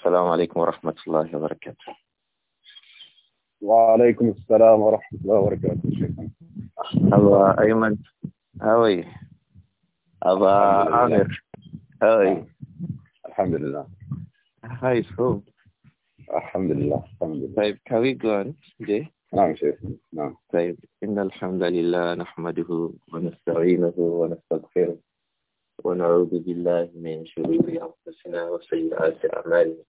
السلام عليكم ورحمة الله وبركاته وعليكم السلام ورحمة الله وبركاته شكرا أبا أيمن هاوي أبا عامر هاوي الحمد لله شو الحمد لله الحمد لله طيب, كوي we جي نعم شيخ نعم طيب إن الحمد لله نحمده ونستعينه ونستغفره ونعوذ بالله من شرور أنفسنا وسيئات أعمالنا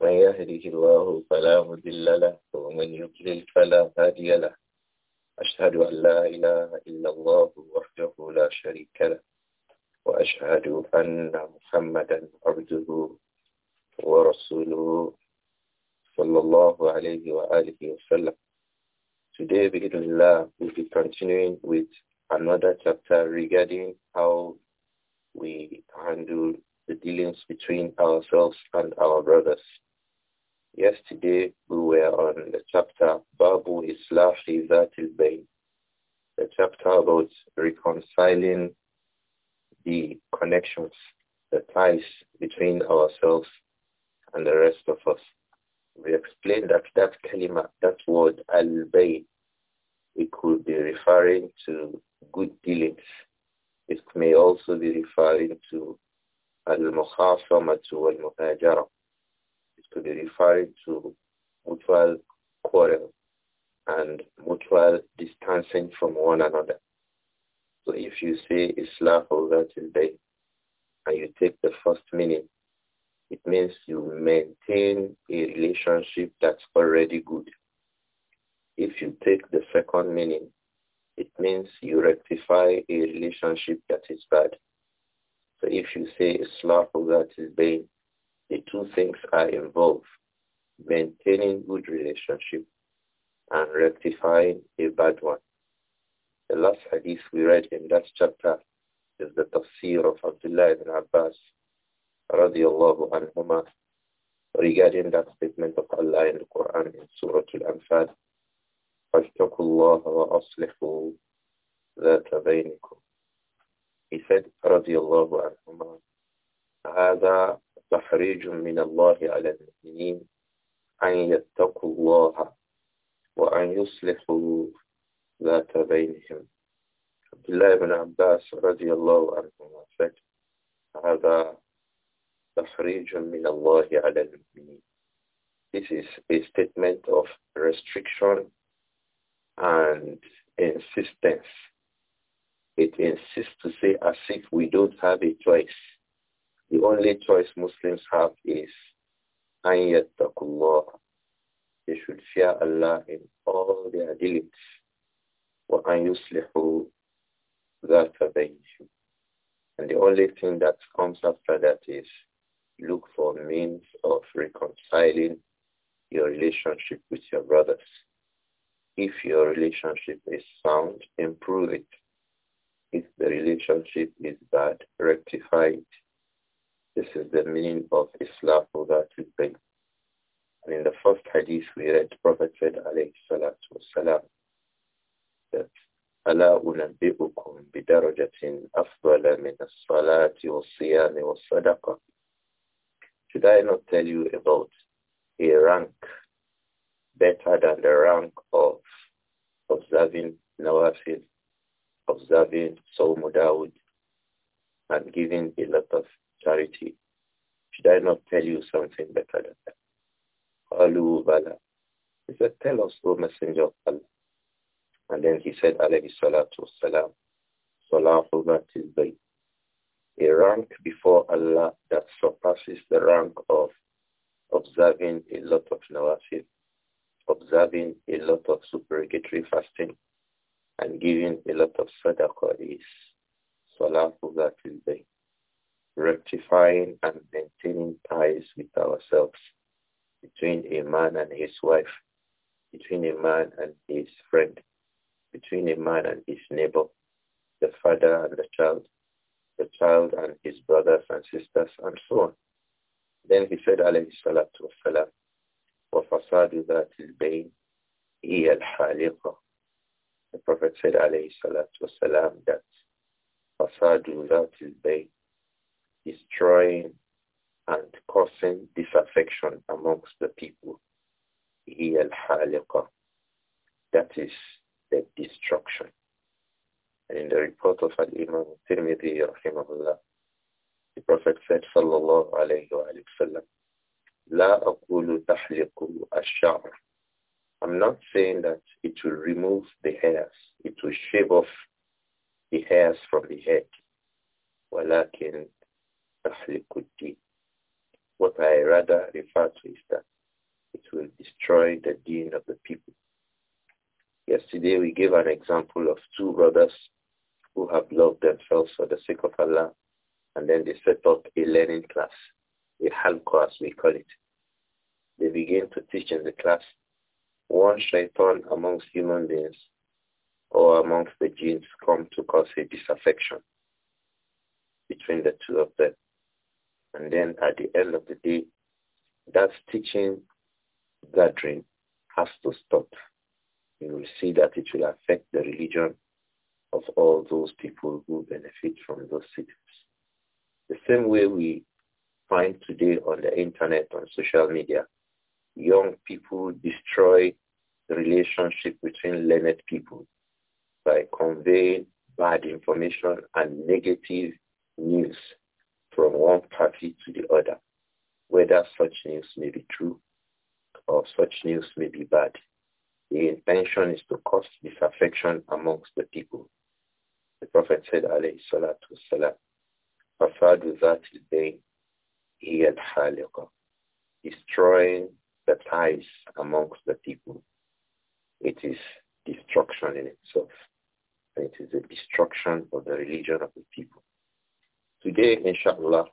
من يهده الله فلا مضل له ومن يضلل فلا هادي له أشهد أن لا إله إلا الله وحده لا شريك له وأشهد أن محمدا عبده ورسوله صلى الله عليه وآله وسلم Today, Bismillah, we'll be continuing with another chapter regarding how we handle the dealings between ourselves and our brothers. Yesterday we were on the chapter Babu Islahi Zatil Bain, the chapter about reconciling the connections, the ties between ourselves and the rest of us. We explained that that kalima, that word al-bayn, it could be referring to good dealings. It may also be referring to al-mukhasamatu wal-muhajara. It could be referred to mutual quarrel and mutual distancing from one another. So if you say Islahu that is day and you take the first meaning, it means you maintain a relationship that's already good. If you take the second meaning, it means you rectify a relationship that is bad. So if you say Islahu, that is being, the two things are involved. Maintaining good relationship and rectifying a bad one. The last hadith we read in that chapter is the tafsir of Abdullah ibn Abbas radiallahu anhuma regarding that statement of Allah in the Quran in Surah Al-Anfal فَاتَّقُوا اللَّهَ وَأَصْلِحُوا ذَاتَ بَيْنِكُمْ he said, رضي الله عنهما هذا تحريج من الله على المؤمنين أن يتقوا الله وأن يصلحوا ذات بينهم Abdullah ibn Abbas رضي الله عنهما said هذا تحريج من الله على المؤمنين This is a statement of restriction and insistence it insists to say as if we don't have a choice. The only choice Muslims have is Anyattakullah. They should fear Allah in all their dealings. وَأَنْ يُصْلِحُوا ذَاتَ بَيْنِهِمْ And the only thing that comes after that is look for means of reconciling your relationship with your brothers. If your relationship is sound, improve it if the relationship is bad, rectify it. This is the meaning of Islam that we bring. And in the first hadith we read, Prophet said, alayhi salatu wasalam, that ألا أنبئكم بدرجة أفضل من الصلاة والصيام والصدقة Should I not tell you about a rank better than the rank of observing nawafil observing Psalm Dawud and giving a lot of charity. Should I not tell you something better than that? Qalu bala. He said, tell us, O Messenger of Allah. And then he said, alayhi salatu salam. Salam for that is A rank before Allah that surpasses the rank of observing a lot of nawafil, observing a lot of supererogatory fasting, and giving a lot of sadaqah is salatu zatil rectifying and maintaining ties with ourselves between a man and his wife, between a man and his friend, between a man and his neighbor, the father and the child, the child and his brothers and sisters, and so on. Then he said, alayhi salatu wasalam, وَفَصَادُ ذَاتِ الْبَيْنِ هِيَ الْحَالِقَةِ the Prophet said, alayhi salatu wasalam, that fasadu zatil bayt, destroying and causing disaffection amongst the people. He al That is the destruction. And in the report of Al-Imam Tirmidhi, rahimahullah, the Prophet said, sallallahu alayhi wa sallam, لا أقول تحلق shar." I'm not saying that it will remove the hairs. It will shave off the hairs from the head. ولكن تحلق الدين. What I rather refer to is that it will destroy the deen of the people. Yesterday we gave an example of two brothers who have loved themselves for the sake of Allah and then they set up a learning class, a halqa as we call it. They begin to teach in the class one shaitan amongst human beings or amongst the genes come to cause a disaffection between the two of them. And then at the end of the day, that teaching gathering has to stop. You will see that it will affect the religion of all those people who benefit from those cities. The same way we find today on the internet, on social media, young people destroy relationship between learned people by conveying bad information and negative news from one party to the other, whether such news may be true or such news may be bad. The intention is to cause disaffection amongst the people. The Prophet said, alayhi salatu wasalam, فَفَادُ ذَاتِ الْبَيْنِ al الْحَالِقَةِ Destroying the ties amongst the people it is destruction in itself. And it is the destruction of the religion of the people. Today, inshallah,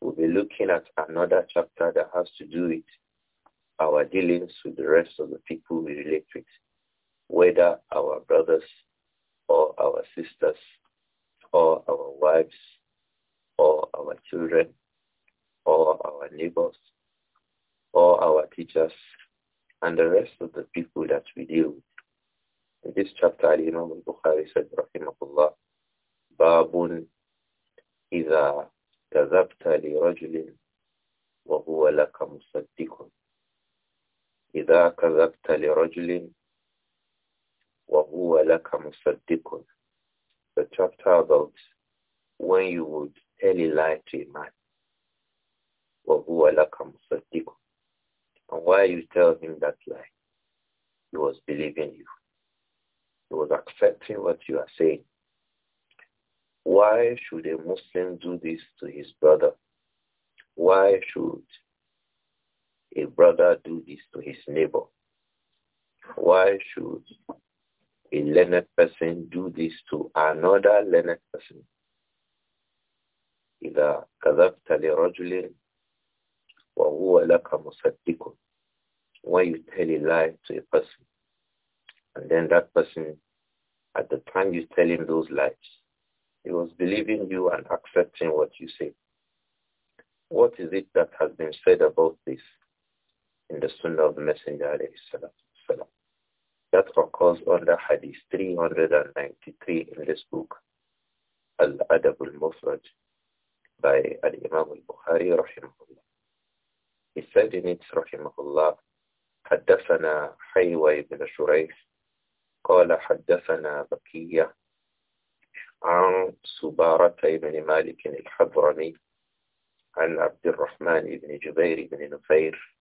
we'll be looking at another chapter that has to do with our dealings with the rest of the people we relate with, whether our brothers or our sisters or our wives or our children or our neighbors or our teachers and the rest of the people that we deal with. In this chapter, Imam al-Bukhari said, Rahimahullah, Babun إذا كذبت لرجل وهو لك مصدق إذا كذبت لرجل وهو لك مصدق The chapter about when you would tell a lie to a man وهو لك مصدق and while you tell him that lie, he was believing you. He was accepting what you are saying. Why should a Muslim do this to his brother? Why should a brother do this to his neighbor? Why should a learned person do this to another learned person? إذا كذبت لرجل وَهُوَ لَكَ مُصَدِّقٌ When you tell a lie to a person, and then that person, at the time you tell him those lies, he was believing you and accepting what you say. What is it that has been said about this in the Sunnah of the Messenger salam? That occurs under Hadith 393 in this book, Al-Adab al-Mufraj, by Al-Imam al-Bukhari rahimahullah. He رحمه الله حدثنا حيوي بن شريف قال حدثنا بكية عن سبارة بن مالك الحضرمي عن عبد الرحمن بن جبير بن نفير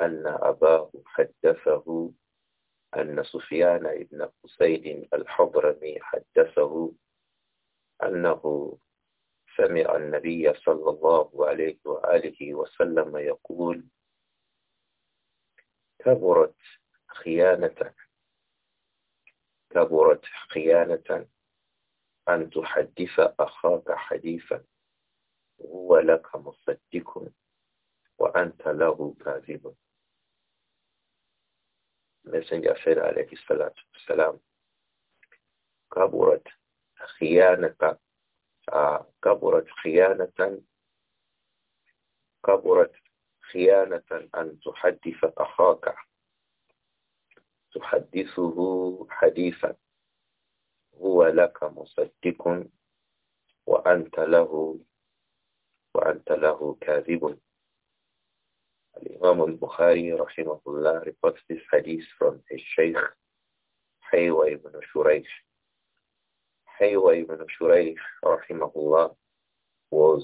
أن أباه حدثه أن سفيان بن قسيد الحضرمي حدثه أنه سمع النبي صلى الله عليه وآله وسلم يقول كبرت خيانة كبرت خيانة أن تحدث أخاك حديثا هو لك مصدق وأنت له كاذب Messenger said عليه الصلاة والسلام كبرت خيانة كبرت خيانة كبرت خيانة أن تحدث أخاك تحدثه حديثا هو لك مصدق وأنت له وأنت له كاذب الإمام البخاري رحمه الله reports this hadith from his sheikh Haywa ibn Shuraish Haywa ibn Shuraih, rahimahullah, was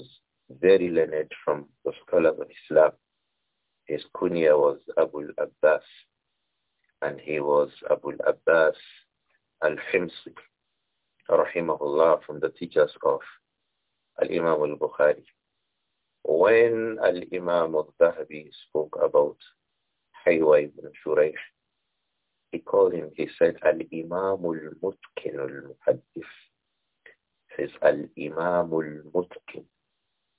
very learned from the scholars of Islam. His kunya was Abu al-Abbas, and he was Abu al-Abbas al-Himsi, rahimahullah, from the teachers of al-Imam al-Bukhari. When al-Imam al-Dhahabi spoke about Haywa ibn Shuraih, he called him, he said, al-Imam al-Mutkin al-Muhaddith says Al-Imam mutqin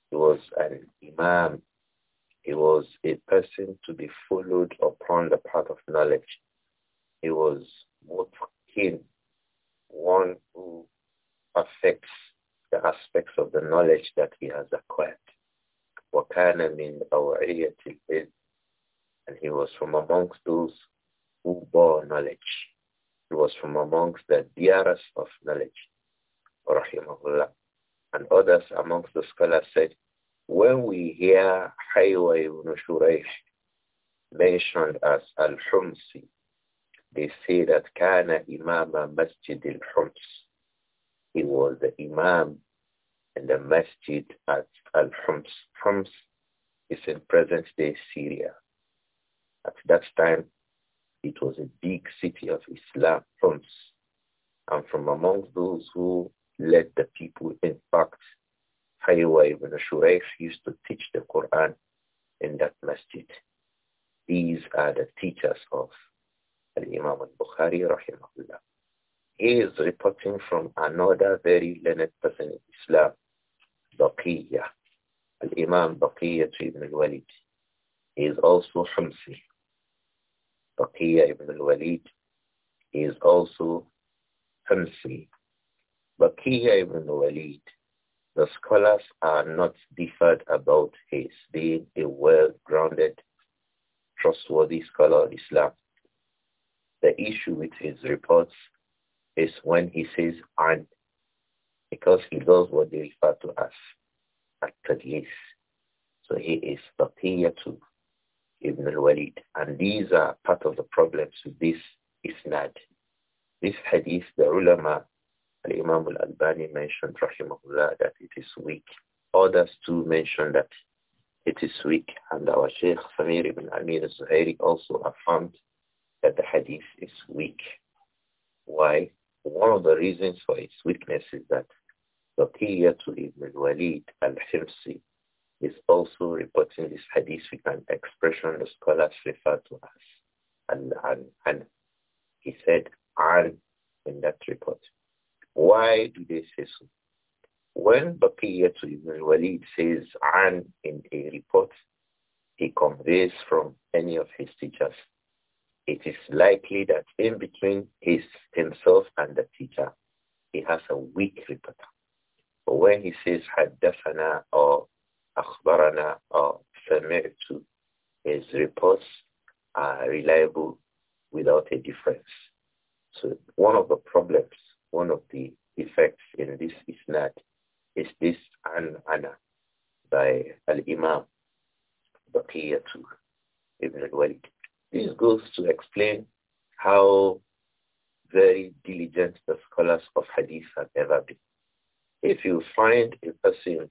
He was an imam. He was a person to be followed upon the path of knowledge. He was mutqin, one who affects the aspects of the knowledge that he has acquired. وَكَانَ مِنْ أَوْعِيَةِ الْإِذْ And he was from amongst those who bore knowledge. He was from amongst the dearest of knowledge rahimahullah, and others amongst the scholars said, when we hear Haywa ibn Shuraish mentioned as Al-Humsi, they say that Kana Imam Masjid al-Hums. He was the Imam in the Masjid at Al-Hums. Hums is in present-day Syria. At that time, it was a big city of Islam, Homs. And from among those who led the people. In fact, Haywa ibn Shuraif used to teach the Quran in that masjid. These are the teachers of Al-Imam al-Bukhari rahimahullah. He is reporting from another very learned person in Islam, Baqiyya, Al-Imam Baqiyya ibn al-Walid. He is also Hamsi. Baqiyya ibn al-Walid is also Hamsi, but though ibn Walid, the scholars are not differed about his being a well-grounded, trustworthy scholar of Islam. The issue with his reports is when he says and, because he does what they refer to as at least. So he is Bakiyah too. Ibn al-Walid. And these are part of the problems with this isnad. This hadith, the ulama Al-Imam al-Albani mentioned, rahimahullah, that it is weak. Others too mentioned that it is weak. And our Sheikh Samir ibn Amir al-Zuhairi also affirmed that the hadith is weak. Why? One of the reasons for its weakness is that to ibn al-Walid al-Himsi is also reporting this hadith with an expression the scholars refer to as. And, and, and he said, and in that report. Why do they say so? When Baqiyat ibn Walid says an in a report he conveys from any of his teachers, it is likely that in between his, himself and the teacher, he has a weak reporter. But when he says haddathana or akhbarana or sami'tu, his reports are reliable without a difference. So one of the problems one of the effects in this not is this an ana by al imam baqiyatu ibn al walid this goes to explain how very diligent the scholars of hadith have ever been if you find a person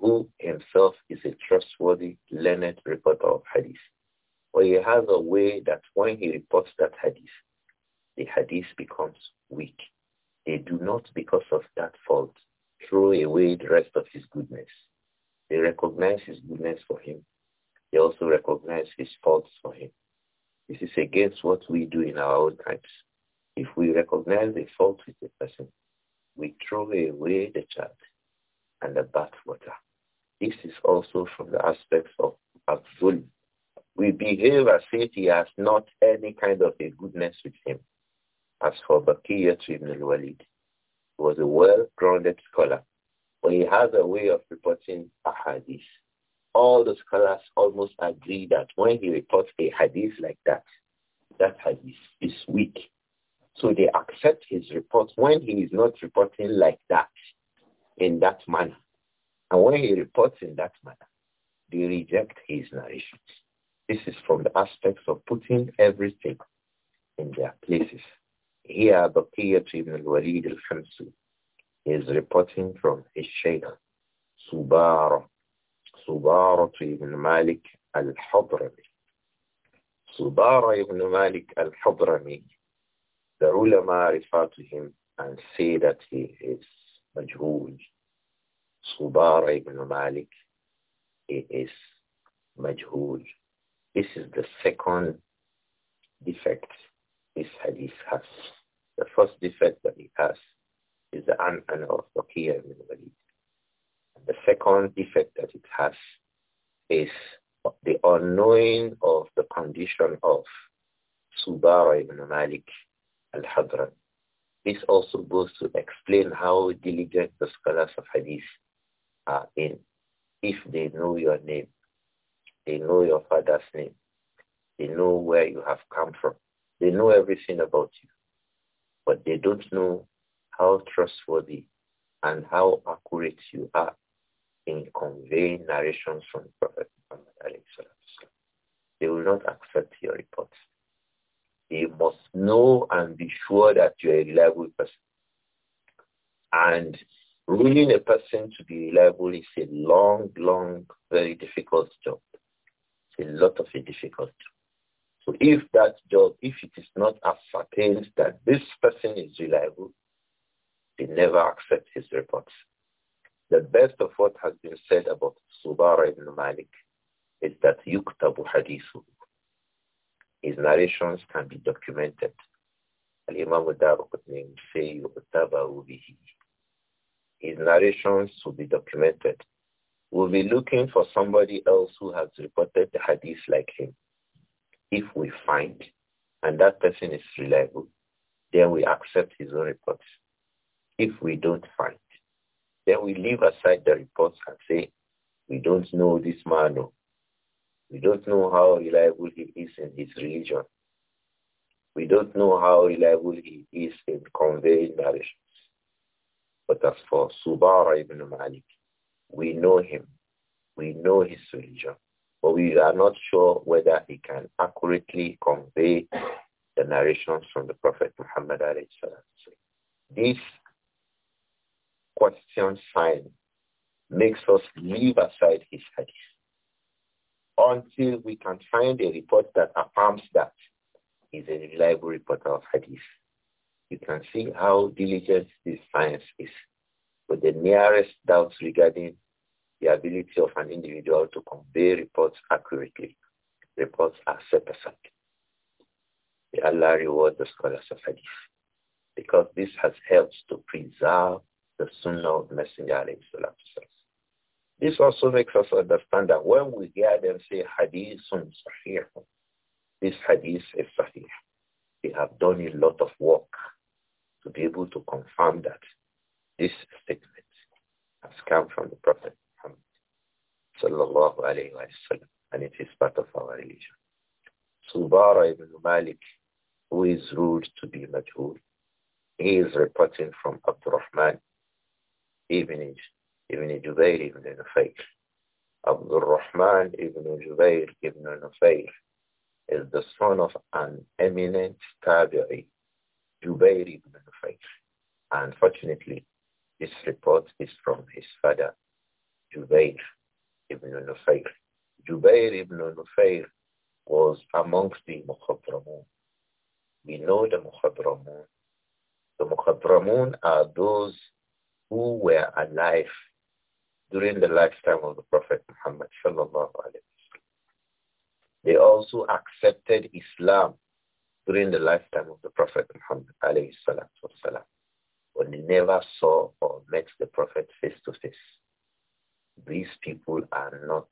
who himself is a trustworthy learned reporter of hadith or he has a way that when he reports that hadith the hadith becomes weak they do not, because of that fault, throw away the rest of his goodness. They recognize his goodness for him. They also recognize his faults for him. This is against what we do in our own times. If we recognize a fault with a person, we throw away the child and the bathwater. water. This is also from the aspects of Abdul. We behave as if he has not any kind of a goodness with him. As for Bakiyat ibn al-Walid, he was a well-grounded scholar, but he has a way of reporting a hadith. All the scholars almost agree that when he reports a hadith like that, that hadith is weak. So they accept his report when he is not reporting like that, in that manner. And when he reports in that manner, they reject his narrations. This is from the aspects of putting everything in their places. Here, Baqiyat ibn al-Walid al is reporting from his shaykh, Subara, Subara ibn Malik al-Hadrami. Subara ibn Malik al-Hadrami, the ulama refer to him and say that he is majhul. Subara ibn Malik, he is majhul. This is the second defect this hadith has. The first defect that he has is the an'ana of Baqiyya ibn Walid. The second defect that it has is the unknowing of the condition of Subara ibn Malik al-Hadran. This also goes to explain how diligent the scholars of hadith are in. If they know your name, they know your father's name, they know where you have come from, they know everything about you, but they don't know how trustworthy and how accurate you are in conveying narrations from Prophet Muhammad. They will not accept your reports. They must know and be sure that you are a reliable person. And ruling a person to be reliable is a long, long, very difficult job. It's a lot of a difficult job. So if that job, if it is not ascertained that this person is reliable, they never accept his reports. The best of what has been said about Subara ibn Malik is that yuktabu hadithu. His narrations can be documented. Al-Imam darqutni will say will be His narrations will be documented. We'll be looking for somebody else who has reported the hadith like him if we find, and that person is reliable, then we accept his own reports. If we don't find, then we leave aside the reports and say, we don't know this man. Oh. We don't know how reliable he is in his religion. We don't know how reliable he is in conveying narrations. But as for Subara ibn Malik, we know him. We know his religion. But we are not sure whether he can accurately convey the narrations from the Prophet Muhammad This question sign makes us leave aside his hadith until we can find a report that affirms that is a reliable reporter of hadith. You can see how diligent this science is. But the nearest doubts regarding the ability of an individual to convey reports accurately. Reports are set aside. May Allah reward the scholars of hadith because this has helped to preserve the sunnah of Messenger This also makes us understand that when we hear them say hadithun sahih, this hadith is sahih. They have done a lot of work to be able to confirm that this statement has come from the Prophet sallallahu alayhi wa sallam. And it is part of our religion. Subara ibn Malik, who is ruled to be Majhul, he is reporting from Abdurrahman ibn, ibn Jubair ibn Nufayl. Abdurrahman ibn Jubair ibn Nufayl is the son of an eminent tabi'i, Jubair ibn Nufayl. Unfortunately, this report is from his father, Jubair ibn Nufayr. Jubair ibn Nufayr was amongst the Mukhadramun. We know the Mukhadramun. The Mukhadramun are those who were alive during the lifetime of the Prophet Muhammad sallallahu They also accepted Islam during the lifetime of the Prophet Muhammad alayhi salatu wasalam, but they never saw or met the Prophet face to face. These people are not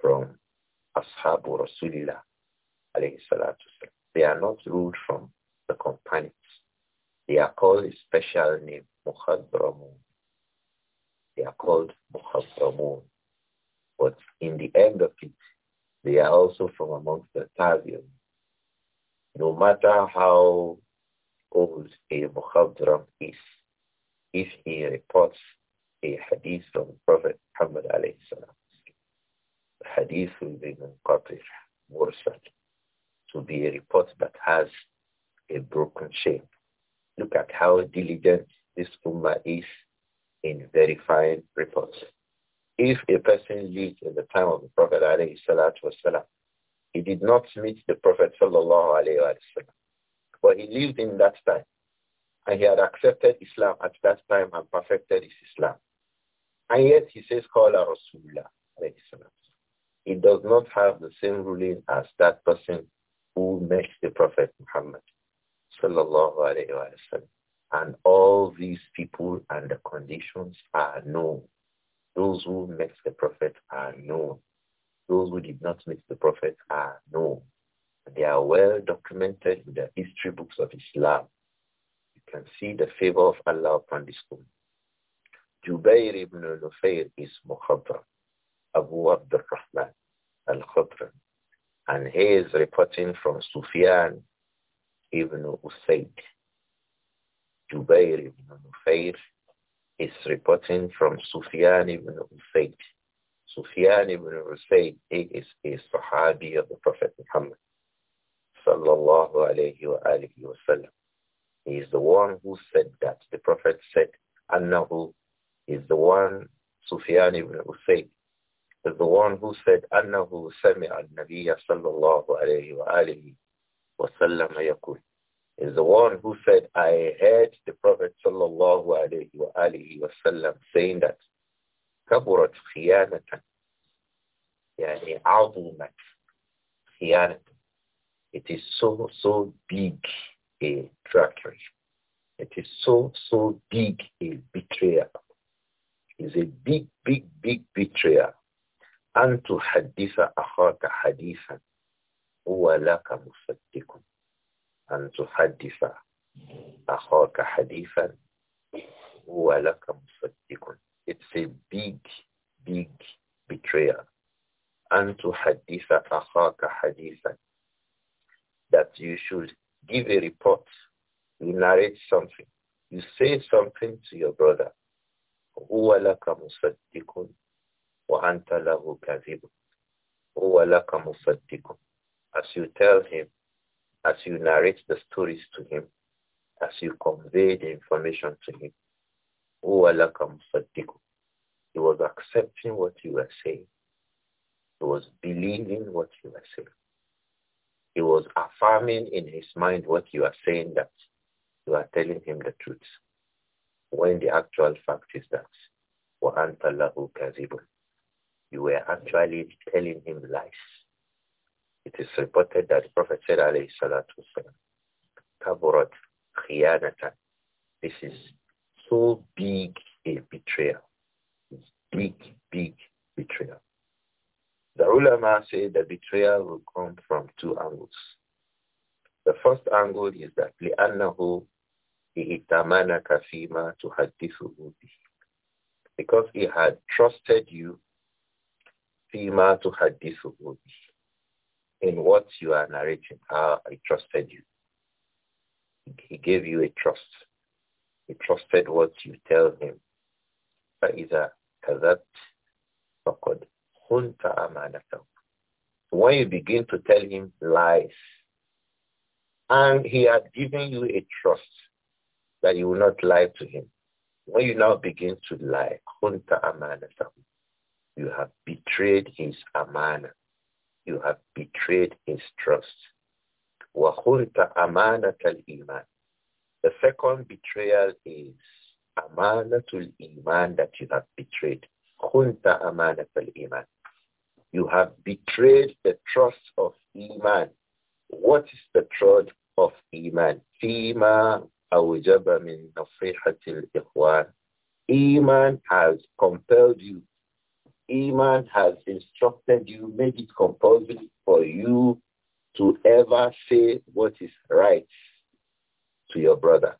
from Ashabu Rasulillah salatu They are not ruled from the companions. They are called a special name, Muhadramun. They are called Muhadramun. But in the end of it, they are also from amongst the Tabi'un. No matter how old a Muhadram is, if he reports a hadith from Prophet Muhammad alayhi salam. The hadith will be incorporated, mursal, to be a report that has a broken shape. Look at how diligent this ummah is in verifying reports. If a person lived in the time of the Prophet alayhi salatu wasalam, he did not meet the Prophet sallallahu alayhi wa sallam, but he lived in that time and he had accepted Islam at that time and perfected his Islam. And yet he says, Qala Rasulullah. It does not have the same ruling as that person who met the Prophet Muhammad. Sallallahu alayhi wa sallam. And all these people and the conditions are known. Those who met the Prophet are known. Those who did not meet the Prophet are known. They are well documented in the history books of Islam. You can see the favor of Allah upon this woman. Jubair ibn Nufair is Mukhadram, Abu Abd al-Khadram. rahman al And he is reporting from Sufyan ibn Usaid. Jubair ibn Nufair is reporting from Sufyan ibn Usaid. Sufyan ibn Usaid is a Sahabi of the Prophet Muhammad sallallahu alayhi wa alihi wa sallam. He is the one who said that. The Prophet said, أنه is the one, Sufyan ibn Usayd, is the one who said, أنه سمع النبي صلى الله عليه وآله وسلم يقول is the one who said, I heard the Prophet sallallahu alayhi wa alihi wasallam saying that kaburat خيانة يعني عظمت خيانة It is so, so big a trackery. It is so, so big a betrayal is a big, big, big betrayal. أن تحدث أخاك حديثا هو لك مصدق أن تحدث أخاك حديثا huwa laka musaddikun. It's a big, big betrayal. أن تحدث أخاك حديثا That you should give a report. You narrate something. You say something to your brother. هو لك مصدق وأنت له كذب هو لك مصدق as you tell him as you narrate the stories to him as you convey the information to him هو لك مصدق he was accepting what you were saying he was believing what you were saying he was affirming in his mind what you are saying that you are telling him the truth when the actual fact is that وَأَنْتَ لَهُ كَذِبٌ You were actually telling him lies. It is reported that the Prophet said, alayhi salatu wasalam, kaburat khiyanatan. This is so big a betrayal. It's big, big betrayal. The ulama say the betrayal will come from two angles. The first angle is that لِأَنَّهُ ائتمنك فيما تحدثه budi because he had trusted you فيما تحدثه budi in what you are narrating How I trusted you he gave you a trust he trusted what you tell him فإذا when you begin to tell him lies and he had given you a trust that you will not lie to him. When you now begin to lie, you have betrayed his amana. You have betrayed his trust. The second betrayal is amanatul iman that you have betrayed. amana amanatul iman. You have betrayed the trust of iman. What is the trust of iman? Fima أوجب من نصيحة الإخوان Iman has compelled you. Iman has instructed you, made it compulsory for you to ever say what is right to your brother.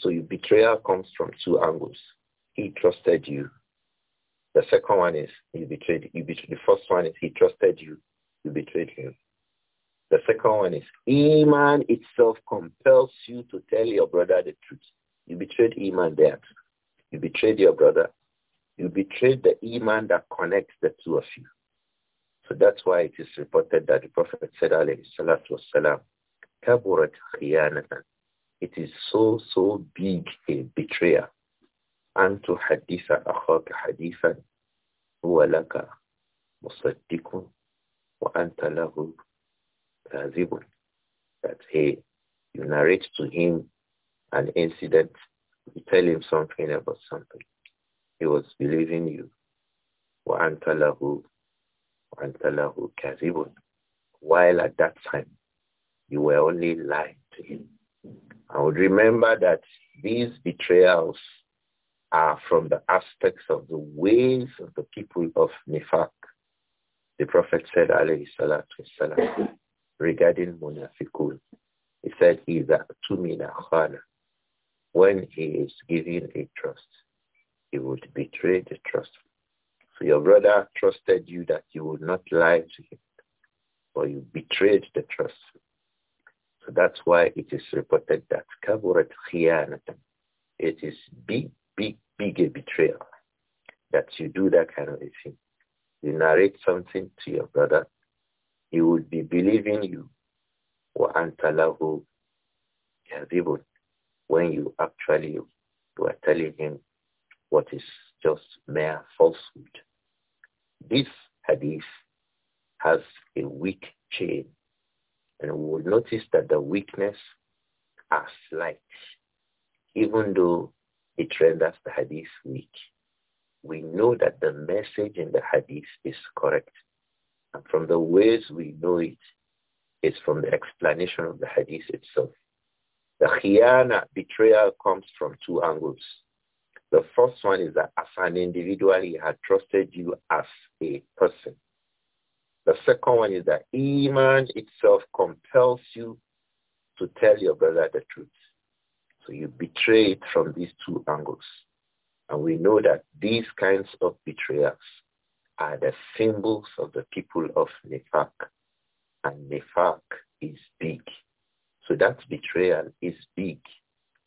So your betrayal comes from two angles. He trusted you. The second one is he betrayed you. Betrayed, the first one is he trusted you. You betrayed him. The second one is Iman itself compels you to tell your brother the truth. You betrayed Iman there. You betrayed your brother. You betrayed the Iman that connects the two of you. So that's why it is reported that the Prophet said, alayhi kaburat khiyanatan. It is so, so big a betrayer. أن haditha أخاك حديثا هو لك wa anta له Razibun, uh, that hey, you narrate to him an incident, you tell him something about something. He was believing you. While at that time, you were only lying to him. I would remember that these betrayals are from the aspects of the ways of the people of Nifak. The Prophet said, alayhi salatu wasalam, regarding Munafikun. He said, Iza tumina khana. When he is giving a trust, he would betray the trust. So your brother trusted you that you would not lie to him, but you betrayed the trust. So that's why it is reported that kaburat khiyanatan. It is big, big, big a betrayal that you do that kind of a thing. You narrate something to your brother he would be believing you. وَأَنْتَ لَهُ كَذِبٌ When you actually were telling him what is just mere falsehood. This hadith has a weak chain. And we will notice that the weakness are slight. Even though it renders the hadith weak, we know that the message in the hadith is correct from the ways we know it is from the explanation of the hadith itself. The khiyana, betrayal, comes from two angles. The first one is that as an individual, he had trusted you as a person. The second one is that iman itself compels you to tell your brother the truth. So you betray it from these two angles. And we know that these kinds of betrayals are the symbols of the people of Nefak, And Nefak is big. So that betrayal is big.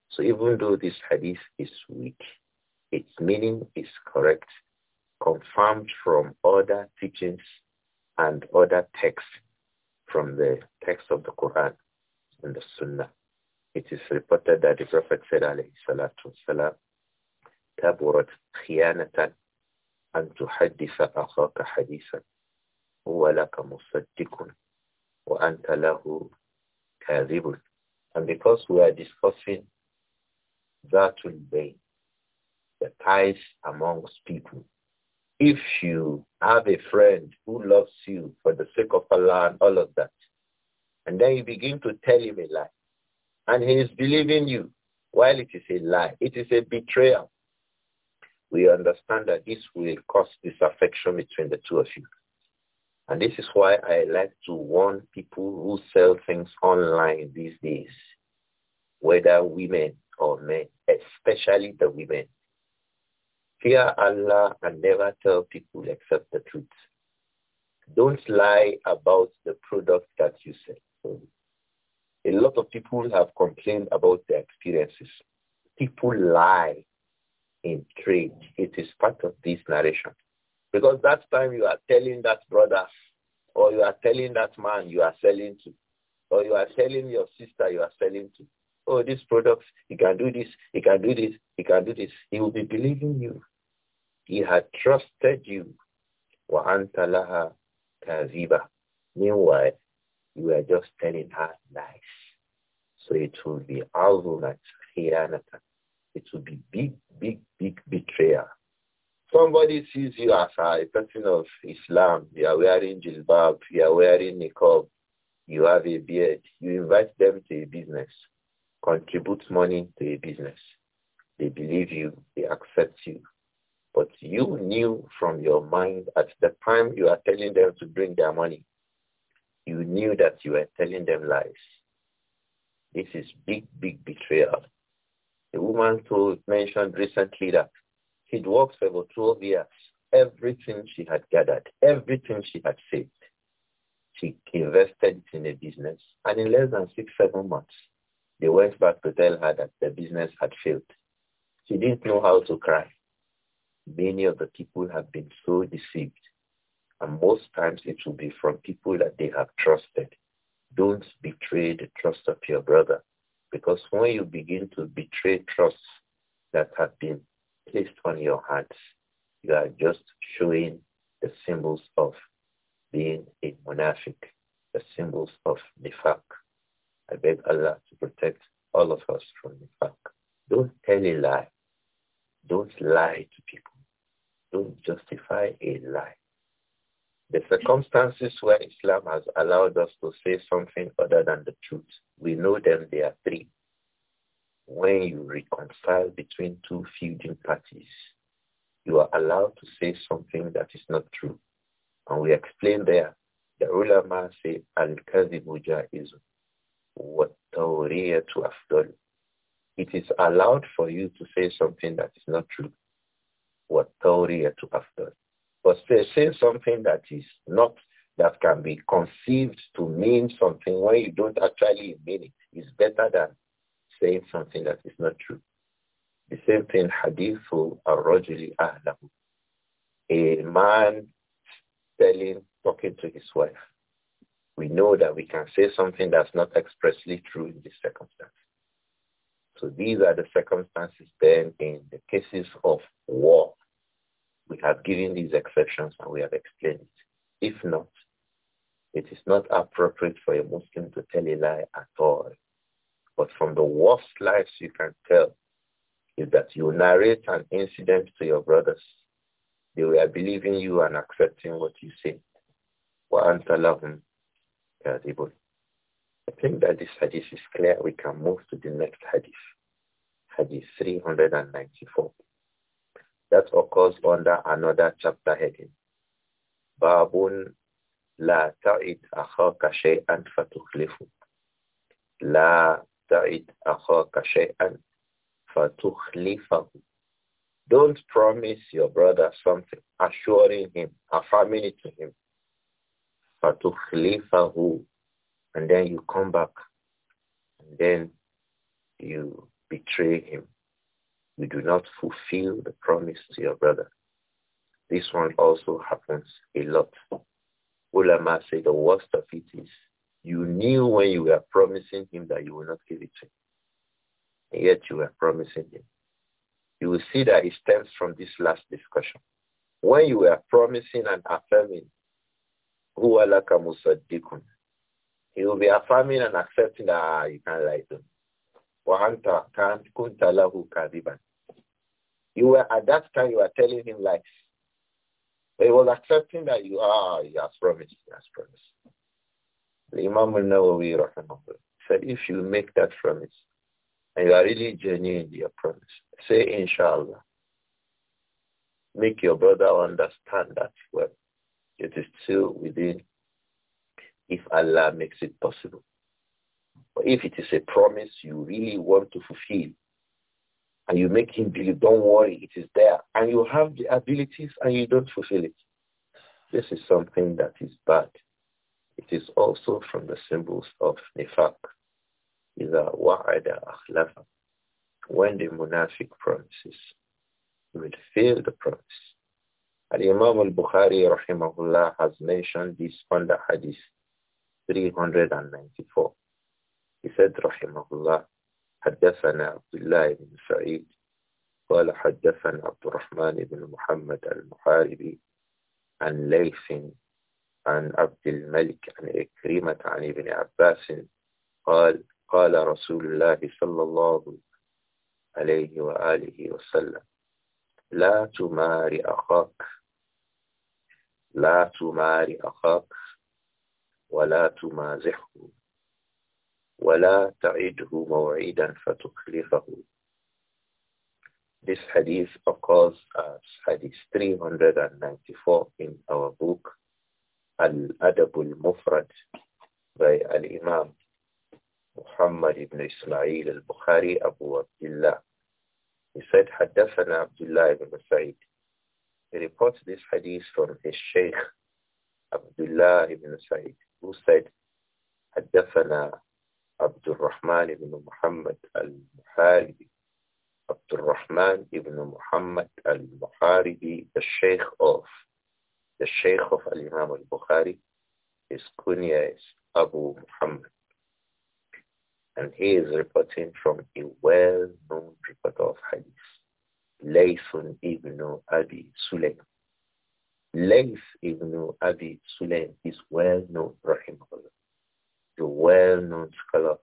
So even though this hadith is weak, its meaning is correct, confirmed from other teachings and other texts from the text of the Quran and the Sunnah. It is reported that the Prophet said, alayhi salatu wasalam, taburat khiyanatan أن تحدث أخاك حديثا هو لك مصدق وأنت له كاذب And because we are discussing that will be the ties amongst people. If you have a friend who loves you for the sake of Allah and all of that, and then you begin to tell him a lie, and he is believing you while it is a lie, it is a betrayal we understand that this will cause disaffection between the two of you. And this is why I like to warn people who sell things online these days, whether women or men, especially the women. Fear Allah and never tell people except the truth. Don't lie about the product that you sell. A lot of people have complained about their experiences. People lie in trade. It is part of this narration. Because that time you are telling that brother or you are telling that man you are selling to or you are telling your sister you are selling to, oh, this product, you can do this, you can do this, you can do this. He will be believing you. He had trusted you. وَأَنْتَ Meanwhile, you are just telling her lies. So it will be عَظُمَتْ خِيَانَةً it will be big, big, big betrayal. Somebody sees you as a person of Islam. You are wearing jilbab. You are wearing niqab. You have a beard. You invite them to a business. Contribute money to a business. They believe you. They accept you. But you knew from your mind at the time you are telling them to bring their money. You knew that you were telling them lies. This is big, big betrayal. A woman who mentioned recently that she'd worked for about 12 years. Everything she had gathered, everything she had saved, she invested it in a business. And in less than six, seven months, they went back to tell her that the business had failed. She didn't know how to cry. Many of the people have been so deceived. And most times it will be from people that they have trusted. Don't betray the trust of your brother. Because when you begin to betray trusts that have been placed on your hearts, you are just showing the symbols of being a monastic, the symbols of nifaq. I beg Allah to protect all of us from nifaq. Don't tell a lie. Don't lie to people. Don't justify a lie. The circumstances where Islam has allowed us to say something other than the truth we know them, they are three. When you reconcile between two feuding parties, you are allowed to say something that is not true. And we explain there, the ulama say, al is Ja'izu, wa to Afdol. It is allowed for you to say something that is not true, wa to Afdol. But say something that is not that can be conceived to mean something when you don't actually mean it is better than saying something that is not true. The same thing, hadithu ar ahlahu. A man telling, talking to his wife. We know that we can say something that's not expressly true in this circumstance. So these are the circumstances then in the cases of war. We have given these exceptions and we have explained it. If not, it is not appropriate for a Muslim to tell a lie at all. But from the worst lies you can tell is that you narrate an incident to your brothers. They were believing you and accepting what you say. وَأَنْتَ لَهُمْ كَاذِبٌ I think that this hadith is clear. We can move to the next hadith. Hadith 394. That occurs under another chapter heading. Babun don't promise your brother something, assuring him, affirming it to him. فَتُخْلِفَهُ And then you come back. And then you betray him. You do not fulfill the promise to your brother. This one also happens a lot ulama say the worst of it is you knew when you were promising him that you will not give it to him. And yet you were promising him. You will see that it stems from this last discussion. When you were promising and affirming, huwa He will be affirming and accepting that ah, you can lie to him. وأنت كنت له كاذبا. You were at that time you were telling him lies they will was accepting that you are, ah, he has promised, he has promised. The Imam al-Nawawi said, if you make that promise, and you are really genuine in your promise, say inshallah. Make your brother understand that well. It is still within if Allah makes it possible. But if it is a promise you really want to fulfill, and you make him believe, don't worry, it is there. And you have the abilities and you don't fulfill it. This is something that is bad. It is also from the symbols of nifaq. إذا وعد أخلف When the munafiq promises, he will fail the promise. Al-Imam al-Bukhari rahimahullah has mentioned this the Hadith 394. He said rahimahullah, حدثنا عبد الله بن سعيد قال حدثنا عبد الرحمن بن محمد المحاربي عن ليث عن عبد الملك عن إكرمة عن ابن عباس قال قال رسول الله صلى الله عليه وآله وسلم لا تماري أخاك لا تماري أخاك ولا تمازحه وَلَا تَعِدْهُ مَوْعِدًا فَتُخْلِفَهُ This hadith occurs as hadith 394 in our book Al-Adab al-Mufrad by Al-Imam Muhammad ibn Ismail al-Bukhari Abu Abdullah. He said, حدثنا عبد الله بن سعيد. He reports this hadith from his sheikh Abdullah ibn Sa'id who said, حدثنا Abdul Rahman ibn Muhammad al-Muharibi. Abdul Rahman ibn Muhammad al-Muharibi, the Sheikh of the Sheikh of Al Imam al Bukhari, his kunya is Abu Muhammad. And he is reporting from a well-known reporter of hadith, Laythun ibn Abi Sulaim. Layth ibn Abi Sulaim is well-known, rahimahullah the well-known scholar of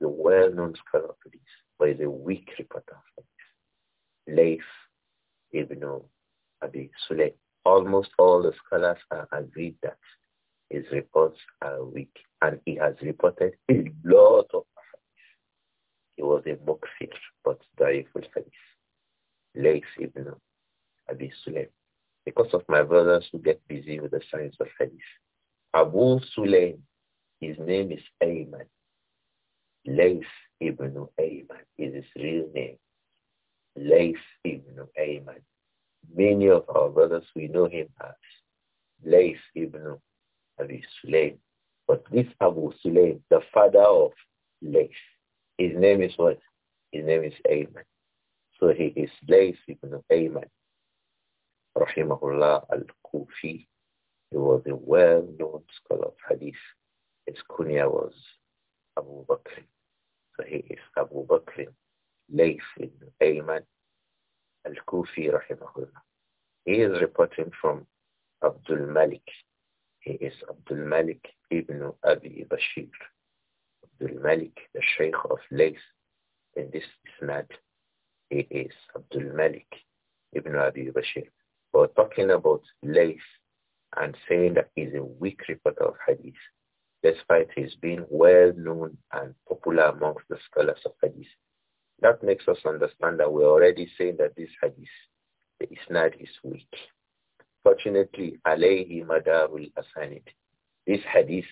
the well-known scholar of hadith, but is weak reporter of hadith. ibn Abi Suleim. Almost all the scholars are agreed that his reports are weak, and he has reported a lot of hadith. He was a muqsir, but da'iful hadith. Layth ibn Abi Suleim. Because of my brothers who get busy with the science of hadith. Abu Sulaim his name is Ayman. Leif ibn Ayman is his real name. Leif ibn Ayman. Many of our brothers, we know him as Leif ibn Abi Sulaim. But this Abu Sulaim, the father of Leif, his name is what? His name is Ayman. So he is Leif ibn Ayman. Rahimahullah al-Kufi. He was a well-known scholar of hadith his kunya was Abu Bakr. So he is Abu Bakr Layth ibn Ayman al-Kufi rahimahullah. He is reporting from Abdul Malik. He is Abdul Malik ibn Abi Bashir. Abdul Malik, the Sheikh of Layth. In this isnad, he is Abdul Malik ibn Abi Bashir. We're talking about Layth and saying that he's a weak reporter of hadith despite his being well known and popular amongst the scholars of hadith. That makes us understand that we're already saying that this hadith, the isnad is weak. Fortunately, alayhi madarul asanid. This hadith,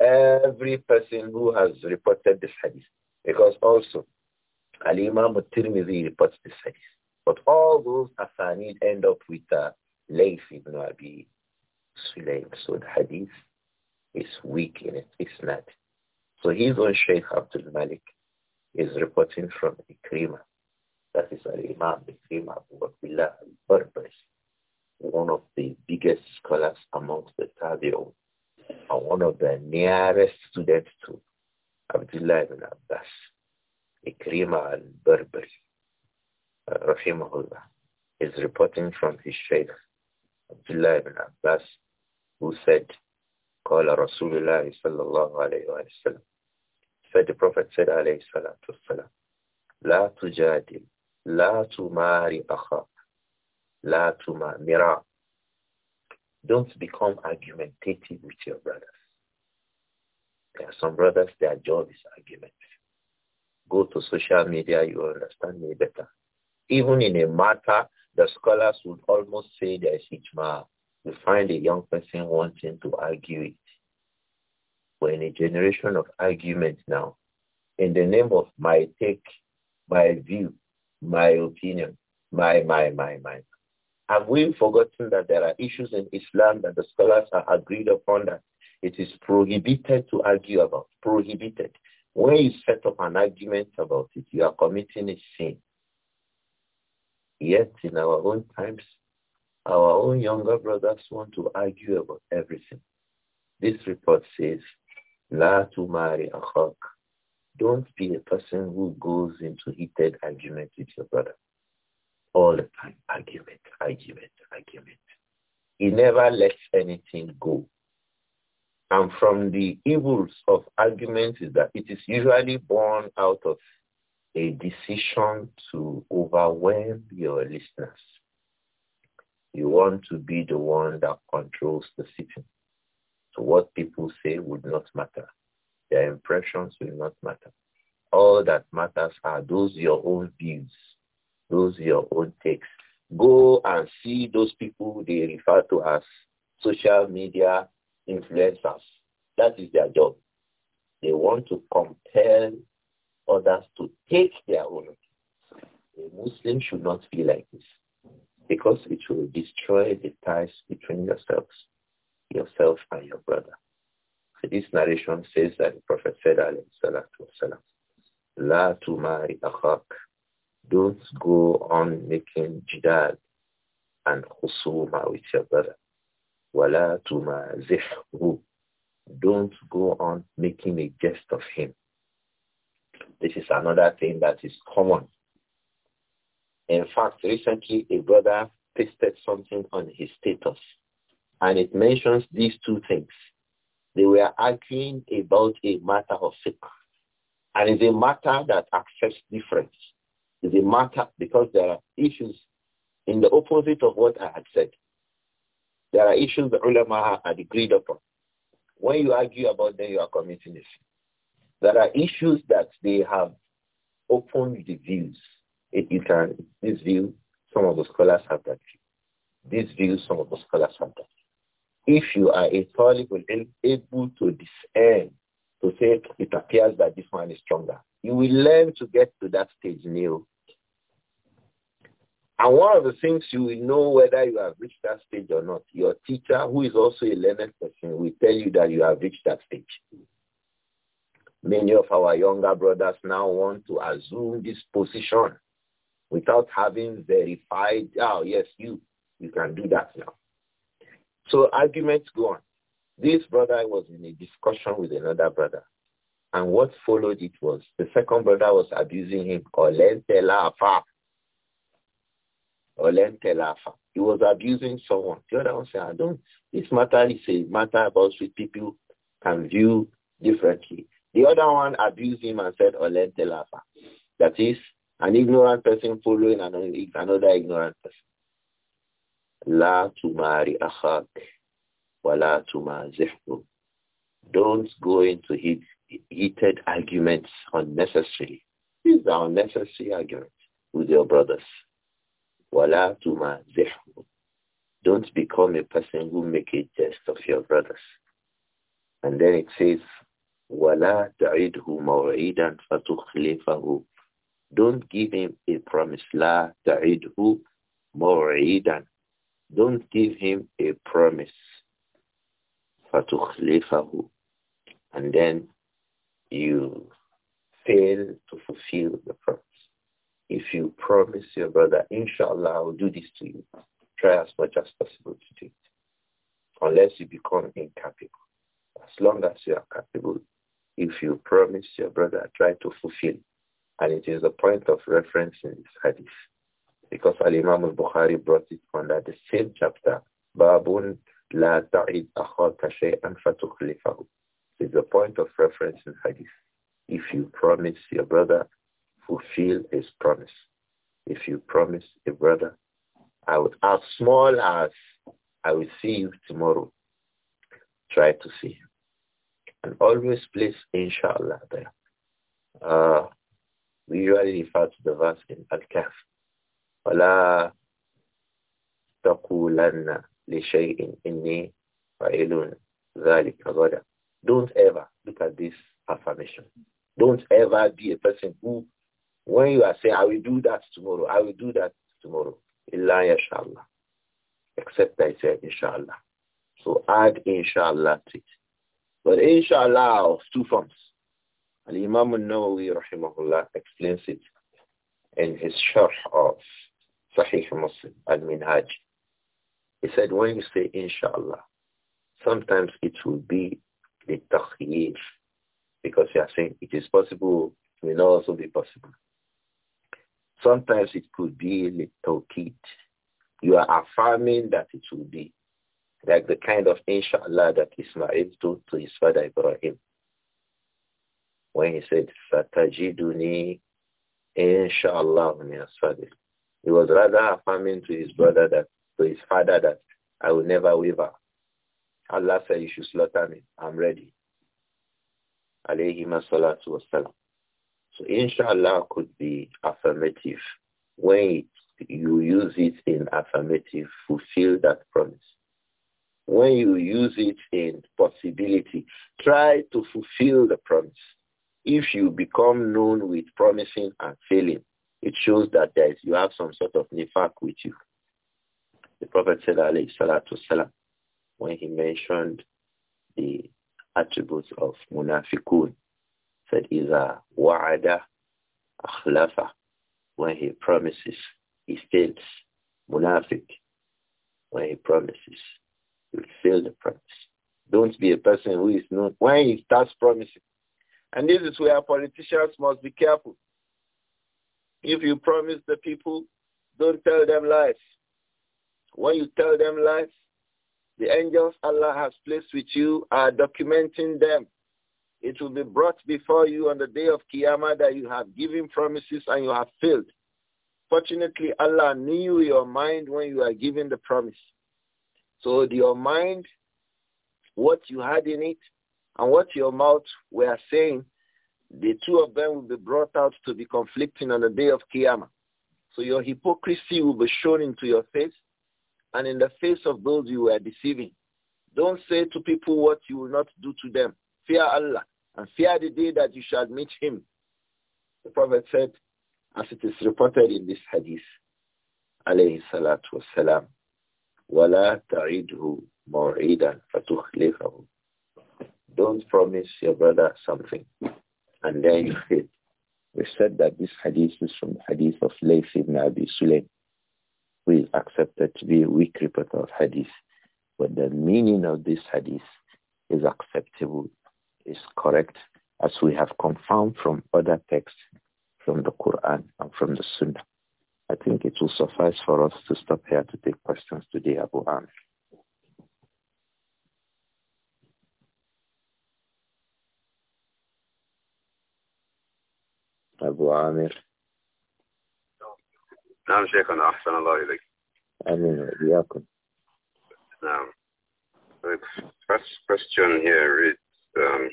every person who has reported this hadith, because also Al-Imam al-Tirmidhi reports this hadith. But all those asanid end up with uh, Layth ibn Abi Sulaim. So the hadith is weak in its isnad. So his own Sheikh Abdul Malik is reporting from Ikrima. That is Al-Imam Ikrima Abu Abdullah al-Barbari, one of the biggest scholars amongst the Tabi'un and one of the nearest students to Abdullah ibn Abbas, Ikrima al-Barbari, uh, rahimahullah, is reporting from his Sheikh Abdullah ibn Abbas, who said, قال رسول الله صلى الله عليه وسلم said the Prophet said عليه الصلاة والسلام لا تجادل لا تماري أخاك لا تماري Don't become argumentative with your brothers. There are some brothers, their job is argument. Go to social media, you understand me better. Even in a matter, the scholars would almost say there is ijma. You find a young person wanting to argue it. We're in a generation of argument now. In the name of my take, my view, my opinion, my, my, my, my. Have we forgotten that there are issues in Islam that the scholars are agreed upon that it is prohibited to argue about? Prohibited. When you set up an argument about it, you are committing a sin. Yet in our own times, our own younger brothers want to argue about everything. This report says, La tumari akhak. Don't be a person who goes into heated argument with your brother. All the time, argument, argument, argument. He never lets anything go. And from the evils of arguments is that it is usually born out of a decision to overwhelm your listeners you want to be the one that controls the city, So what people say would not matter. Their impressions will not matter. All that matters are those your own views, those your own takes. Go and see those people they refer to as social media influencers. That is their job. They want to compel others to take their own. A Muslim should not be like this because it will destroy the ties between yourselves, yourself and your brother. So this narration says that the Prophet said, alayhi salatu wasalam, La tumari akhak. Don't go on making jidad and khusuma with your brother. Wala tumazihhu. Don't go on making a jest of him. This is another thing that is common in fact, recently a brother posted something on his status, and it mentions these two things. They were arguing about a matter of faith, and it's a matter that affects difference. It's a matter because there are issues in the opposite of what I had said. There are issues the ulama had agreed upon. When you argue about them, you are committing a sin. There are issues that they have opened the views if you can, this view, some of the scholars have that view. This view, some of the scholars have that view. If you are a Talib able to discern, to say it appears that this one is stronger, you will learn to get to that stage new. And one of the things you will know whether you have reached that stage or not, your teacher, who is also a learned person, will tell you that you have reached that stage. Many of our younger brothers now want to assume this position without having verified, oh, yes, you, you can do that now. So arguments go on. This brother was in a discussion with another brother. And what followed it was the second brother was abusing him. Olentelafa. Olentelafa. He was abusing someone. The other one said, I don't. This matter is a matter about which people can view differently. The other one abused him and said, Olentelafa. That is, an ignorant person following an, another ignorant person. La tumari akhak wa la Don't go into heat, heated arguments unnecessarily. These are unnecessary arguments with your brothers. Wala tumazihku. Don't become a person who make a jest of your brothers. And then it says, وَلَا تَعِدْهُ مَوْعِدًا فَتُخْلِفَهُ don't give him a promise. La ta'idhu mu'idan. Don't give him a promise. Fatukhlifahu. And then you fail to fulfill the promise. If you promise your brother, inshallah, I will do this to you. Try as much as possible to do it. Unless you become incapable. As long as you are capable, if you promise your brother, try to fulfill and it is the point of reference in this hadith. Because Al-Imam al-Bukhari brought it under the same chapter. Babun la ta'id akhaka shay'an It's the point of reference in hadith. If you promise your brother, fulfill his promise. If you promise a brother, I would, as small as I will see you tomorrow, try to see him. And always place inshallah there. Uh, we usually refer to the verse in Al-Kahf. وَلَا تَقُولَنَّ لِشَيْءٍ إِنِّي فَعِلٌ ذَلِكَ غَدًا Don't ever look at this affirmation. Don't ever be a person who, when you are saying, I will do that tomorrow, I will do that tomorrow. إِلَّا يَشَاءَ Except I said, uh, inshallah. So add inshallah to it. But inshallah of two forms. Al-Imam al-Nawawi rahimahullah explains it in his sharh of Sahih Muslim al-Minhaj. He said, when you say inshallah, sometimes it will be the takhyif because you are saying it is possible, it may not also be possible. Sometimes it could be the tawqit. You are affirming that it will be like the kind of inshallah that Ismail told to his father Ibrahim when he said, Fatajiduni, inshallah, he was rather affirming to his brother that, to his father that, I will never waver. Allah said, you should slaughter me. I'm ready. Alayhi salatu wasalam. So inshallah could be affirmative. When it, you use it in affirmative, fulfill that promise. When you use it in possibility, try to fulfill the promise. If you become known with promising and failing, it shows that there is, you have some sort of nifak with you. The Prophet said, alayhi salatu salam, when he mentioned the attributes of munafiqun, said, Iza wa'ada akhlafa. When he promises, he fails. Munafiq, when he promises, he will fail the promise. Don't be a person who is known. When he starts promising, and this is where politicians must be careful. If you promise the people, don't tell them lies. When you tell them lies, the angels Allah has placed with you are documenting them. It will be brought before you on the day of Qiyamah that you have given promises and you have failed. Fortunately, Allah knew your mind when you were giving the promise. So your mind, what you had in it, and what your mouth were saying, the two of them will be brought out to be conflicting on the day of Qiyamah. So your hypocrisy will be shown into your face and in the face of those you were deceiving. Don't say to people what you will not do to them. Fear Allah and fear the day that you shall meet him. The Prophet said, as it is reported in this hadith, alayhi salatu wasalam, `Wala ta'idhu مَوْعِدًا فَتُخْلِفَهُ don't promise your brother something and then you hmm. fail. We said that this hadith is from the hadith of Layth ibn Abi Sulaym, who is accepted to be a weak reporter of hadith. But the meaning of this hadith is acceptable, is correct, as we have confirmed from other texts from the Quran and from the Sunnah. I think it will suffice for us to stop here to take questions today, Abu Amir. أبو عامر نعم شيخنا أحسن الله إليك أمين وإياكم نعم first question here is um,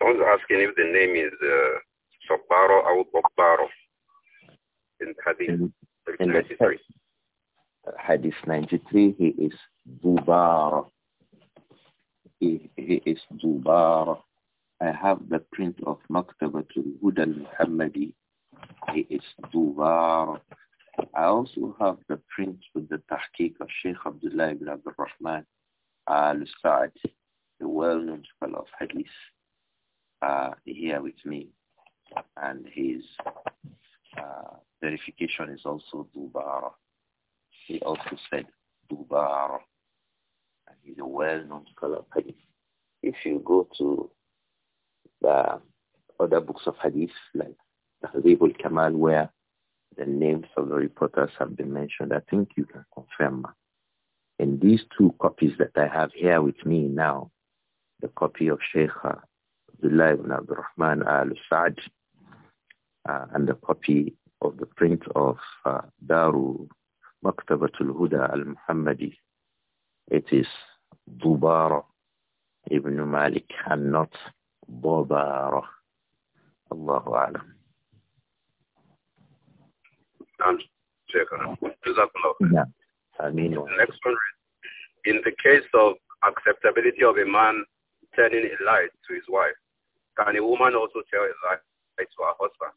Someone's asking if the name is uh, Sabaro or Bobbaro in Hadith in the 393. Hadith 93, he is Dubar. He, he is Dubar. I have the print of Maktabatul Huda al-Muhammadi. He is Dubar. I also have the print with the tahqiq of Sheikh Abdullah ibn Abdul Rahman al-Sa'd, the well-known scholar of Hadith, uh, here with me. And his uh, verification is also Dubar he also said Dubar. And he's a well-known scholar of hadith. If you go to the other books of hadith, like Tahrib al-Kamal, where the names of the reporters have been mentioned, I think you can confirm. In these two copies that I have here with me now, the copy of Sheikh Abdullah ibn rahman al-Sa'd uh, and the copy of the print of uh, Daru is ibn Malik and not next one in the case of acceptability of a man telling a lie to his wife, can a woman also tell a lie to her husband?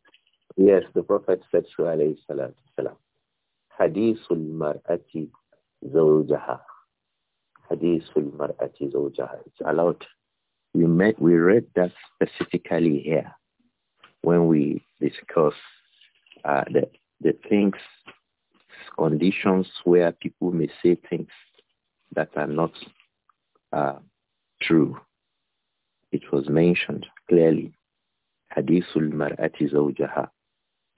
Yes, the Prophet said to alayhi salatu Hadithul mar'ati zawjaha. Hadithul mar'ati zawjaha. It's allowed. We, met, we read that specifically here when we discuss uh, the, the things, conditions where people may say things that are not uh, true. It was mentioned clearly. Hadith al mar'ati zawjaha.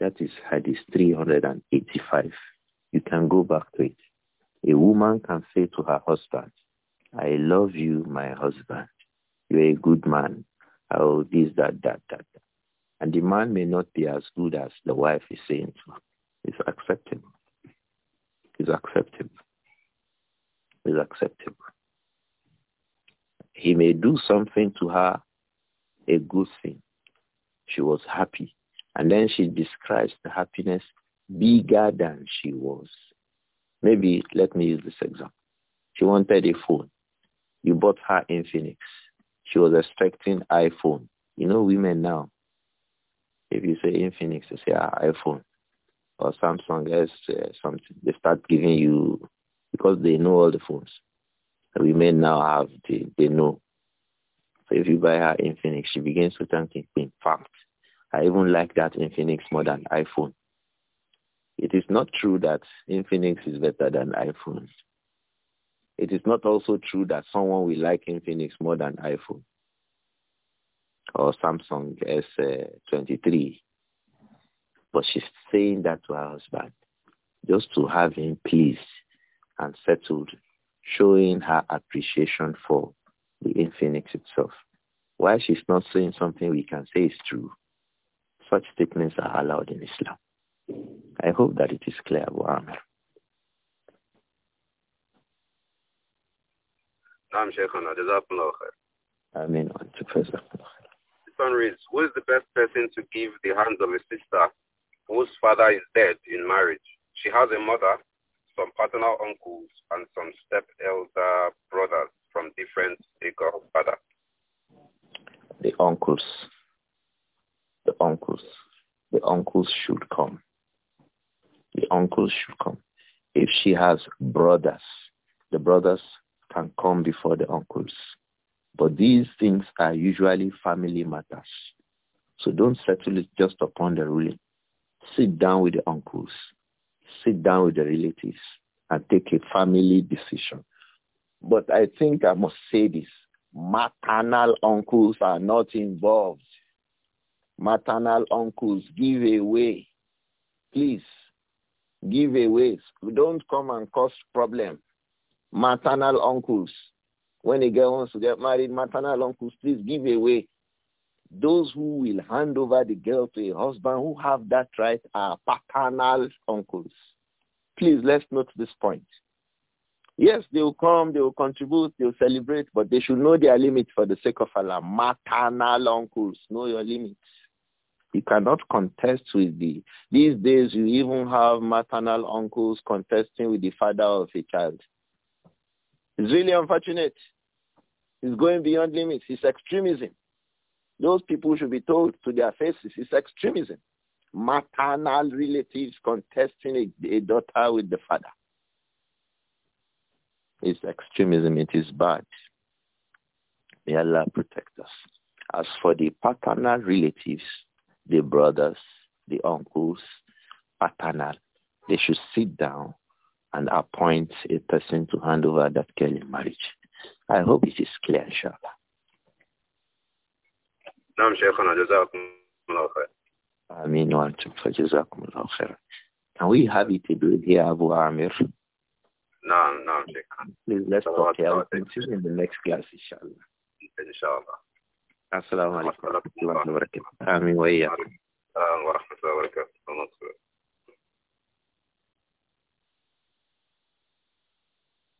That is Hadith 385. You can go back to it. A woman can say to her husband, I love you, my husband. You're a good man. Oh, this, that, that, that, that. And the man may not be as good as the wife is saying to him. It's acceptable. It's acceptable. It's acceptable. He may do something to her, a good thing. She was happy. And then she describes the happiness bigger than she was. Maybe let me use this example. She wanted a phone. You bought her Infinix. She was expecting iPhone. You know women now. If you say Infinix, you say ah, iPhone or Samsung S uh, something. They start giving you because they know all the phones. And women now have they know. So if you buy her Infinix, she begins to think, in fact, I even like that Infinix more than iPhone. It is not true that Infinix is better than iPhone. It is not also true that someone will like Infinix more than iPhone or Samsung S23. But she's saying that to her husband just to have him pleased and settled, showing her appreciation for the Infinix itself. Why she's not saying something we can say is true. Such statements are allowed in Islam. I hope that it is clear, Abu Amir. نعم شيخنا جزاكم الله خير reads, who is the best person to give the hands of a sister whose father is dead in marriage? She has a mother, some paternal uncles, and some step-elder brothers from different legal father. The uncles. The uncles. The uncles should come the uncles should come. If she has brothers, the brothers can come before the uncles. But these things are usually family matters. So don't settle it just upon the ruling. Sit down with the uncles. Sit down with the relatives and take a family decision. But I think I must say this. Maternal uncles are not involved. Maternal uncles give away. Please, giveaways. Don't come and cause problem. Maternal uncles. When a girl wants to get married, maternal uncles, please give away. Those who will hand over the girl to a husband who have that right are paternal uncles. Please let's note this point. Yes, they will come, they will contribute, they will celebrate, but they should know their limit for the sake of Allah. Maternal uncles, know your limits. You cannot contest with the. These days, you even have maternal uncles contesting with the father of a child. It's really unfortunate. It's going beyond limits. It's extremism. Those people should be told to their faces. It's extremism. Maternal relatives contesting a, a daughter with the father. It's extremism. It is bad. May Allah protect us. As for the paternal relatives, the brothers, the uncles, paternal. They should sit down and appoint a person to hand over that girl in marriage. I hope it is clear, inshallah. نعم شيخنا جزاكم الله خير. آمين وأنتم فجزاكم الله خيرا. Can we have it here, Abu Amir? نعم نعم شيخنا. Let's talk here. We'll continue in the next class, inshallah. Inshallah. السلام عليكم ورحمة الله وبركاته آمين وإياكم ورحمة الله وبركاته